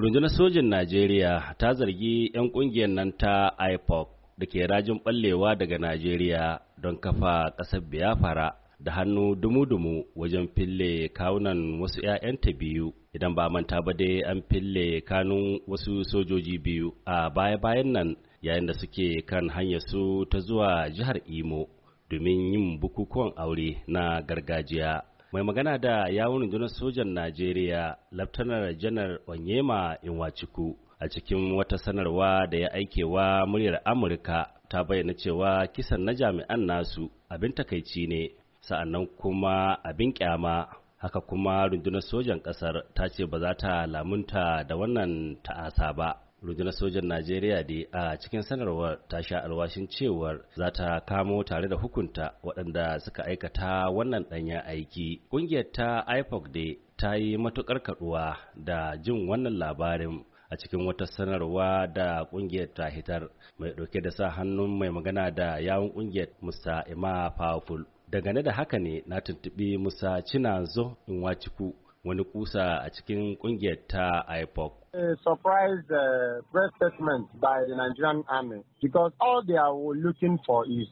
rundunar sojin najeriya ta zargi 'yan kungiyar nan ta ipop da ke rajin ɓallewa daga najeriya don kafa ƙasar biyafara da hannu dumu-dumu wajen fille kawunan wasu 'ya'yanta biyu idan ba manta ba dai an fille kanun wasu sojoji biyu a baya-bayan nan yayin da suke kan hanyar su ta zuwa jihar imo domin yin bukukuwan aure na gargajiya mai magana da yawun rundunar sojan najeriya laftanar janar onyema inwaciku a cikin wata sanarwa da ya aikewa muryar amurka ta bayyana cewa kisan na jami'an nasu abin takaici ne sa'annan kuma abin kyama haka kuma rundunar sojan ƙasar ta ce ba za ta lamunta da wannan ta'asa ba rundunar sojan najeriya da a cikin sanarwar ta sha alwashin cewar za ta kamo tare da hukunta waɗanda suka aikata wannan ɗanya aiki ƙungiyar ta ipoc da ta yi matuƙar kaɗuwa da jin wannan labarin a cikin wata sanarwa da ƙungiyar ta hitar mai ɗauke da sa hannun mai magana da yawun ƙungiyar musa ima powerful dangane da haka ne na tuntubi musa cinazo waciku wani kusa a cikin ƙungiyar ta ipoc a surprise uh, press statement by the nigerian army because all they are looking for is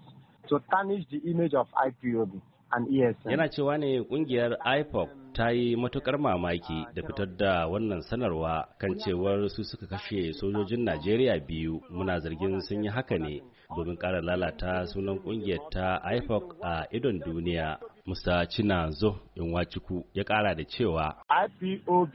to tarnish the image of ipob and esn yana cewa ne kungiyar ipoc ta yi matukar mamaki da fitar da wannan sanarwa kan cewar su suka kashe sojojin najeriya biyu muna zargin sun yi haka ne domin ƙara lalata sunan ƙungiyar ta ipoc a idon duniya musta cinazo inwachuku ya kara da cewa ipob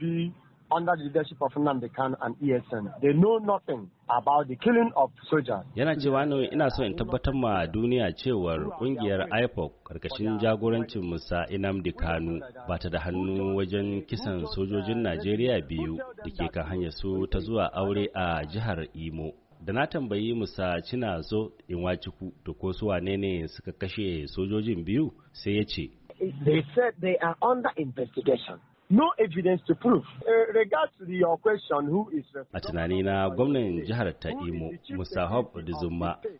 under the leadership of Nnamdi Kanu and ESN. They know nothing about the killing of soldiers. Yana cewa ne ina so in tabbatar ma duniya cewar kungiyar IPOC karkashin jagorancin Musa Nnamdi Kanu ba ta da hannu wajen kisan sojojin Najeriya biyu da ke kan hanyar su ta zuwa aure a jihar Imo. Da na tambayi Musa cina Cinazo ku to ko su wane ne suka kashe sojojin biyu sai ya ce. They said they are under investigation. no evidence to prove. Uh, regards to your question who is A tunani na gwamnan jihar ta Imo, Musa Hob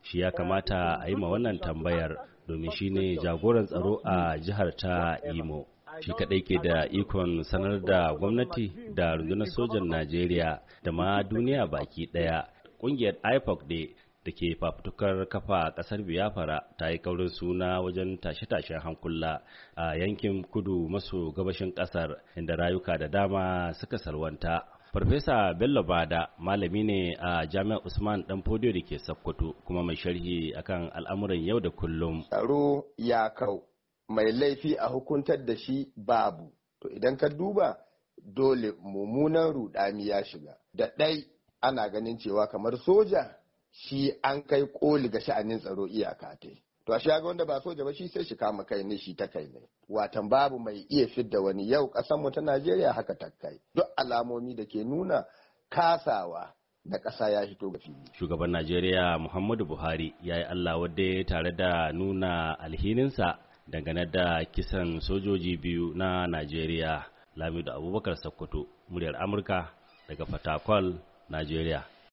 shi ya kamata a yi ma wannan tambayar domin shi ne jagoran tsaro a jihar ta Imo. Shi kaɗai ke da ikon sanar da gwamnati da rundunar sojan Najeriya da ma duniya baki ɗaya. Ƙungiyar IPOC ne da ke fafutukar kafa kasar biyafara ta yi kaurin suna wajen tashe-tashen hankula a yankin kudu maso gabashin kasar inda rayuka da dama suka salwanta. Farfesa Bello Bada malami ne a Jami'ar Usman Dan Fodio da ke Sokoto kuma mai sharhi akan al'amuran yau da kullum. Tsaro ya kau mai laifi a hukuntar da shi babu. To idan ka duba dole mummunan rudani ya shiga. Da ɗai ana ganin cewa kamar soja shi an kai koli ga sha'anin tsaro iyaka ta to a shaga wanda ba soja ba shi sai shi kama kai ne shi ta kai ne watan babu mai iya fidda wani yau ƙasar mu ta Najeriya haka ta kai duk alamomi da ke nuna kasawa da ƙasa ya fito ga fili. Shugaban Najeriya Muhammadu Buhari ya yi Allah wadda tare da nuna alhininsa dangane da kisan sojoji biyu na Najeriya Lamidu, Abubakar Sokoto, muryar Amurka daga Fatakwal, Najeriya.